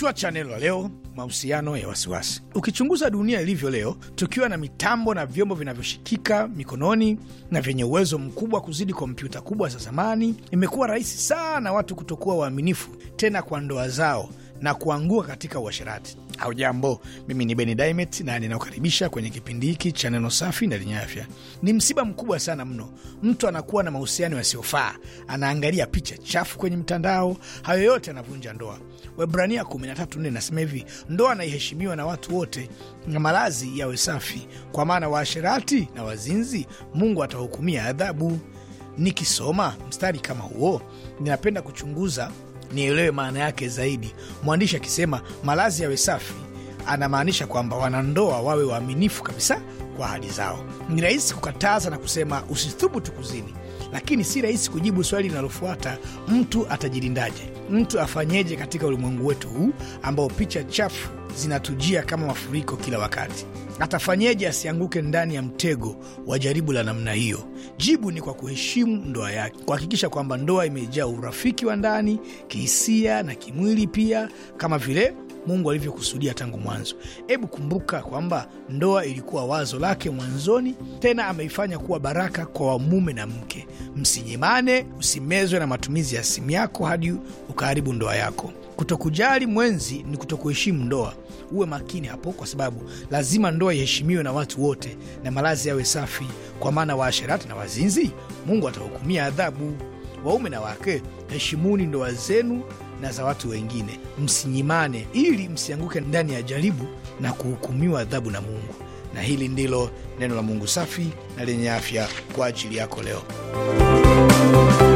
Kichwa cha neno la leo: mahusiano ya wasiwasi. Ukichunguza dunia ilivyo leo, tukiwa na mitambo na vyombo vinavyoshikika mikononi na vyenye uwezo mkubwa kuzidi kompyuta kubwa za zamani, imekuwa rahisi sana watu kutokuwa waaminifu tena kwa ndoa zao na kuangua katika uasherati. jambo mimi ni Beni Dimet na ninakukaribisha kwenye kipindi hiki cha neno safi na lenye afya. Ni msiba mkubwa sana mno, mtu anakuwa na mahusiano yasiyofaa, anaangalia picha chafu kwenye mtandao, hayo yote anavunja ndoa. Webrania 13:4 inasema hivi, ndoa anaiheshimiwa na watu wote na malazi yawe safi, kwa maana waasherati na wazinzi Mungu atahukumia adhabu. Nikisoma mstari kama huo, ninapenda kuchunguza nielewe maana yake zaidi. Mwandishi akisema malazi yawe safi anamaanisha kwamba wanandoa wawe waaminifu kabisa kwa hali zao. Ni rahisi kukataza na kusema usithubutu kuzini, lakini si rahisi kujibu swali linalofuata: mtu atajilindaje? Mtu afanyeje katika ulimwengu wetu huu ambao picha chafu zinatujia kama mafuriko kila wakati? Atafanyeje asianguke ndani ya mtego wa jaribu la namna hiyo? Jibu ni kwa kuheshimu ndoa yake, kuhakikisha kwamba ndoa imejaa urafiki wa ndani, kihisia na kimwili pia, kama vile Mungu alivyokusudia tangu mwanzo. Hebu kumbuka kwamba ndoa ilikuwa wazo lake mwanzoni, tena ameifanya kuwa baraka kwa wamume na mke. Msinyimane, usimezwe na matumizi ya simu yako hadi ukaharibu ndoa yako. Kutokujali mwenzi ni kutokuheshimu ndoa. Uwe makini hapo, kwa sababu lazima ndoa iheshimiwe na watu wote na malazi yawe safi, kwa maana waasherati na wazinzi Mungu atahukumia adhabu. Waume na wake, heshimuni ndoa zenu na za watu wengine, msinyimane, ili msianguke ndani ya jaribu na kuhukumiwa adhabu na Mungu. Na hili ndilo neno la Mungu safi na lenye afya kwa ajili yako leo.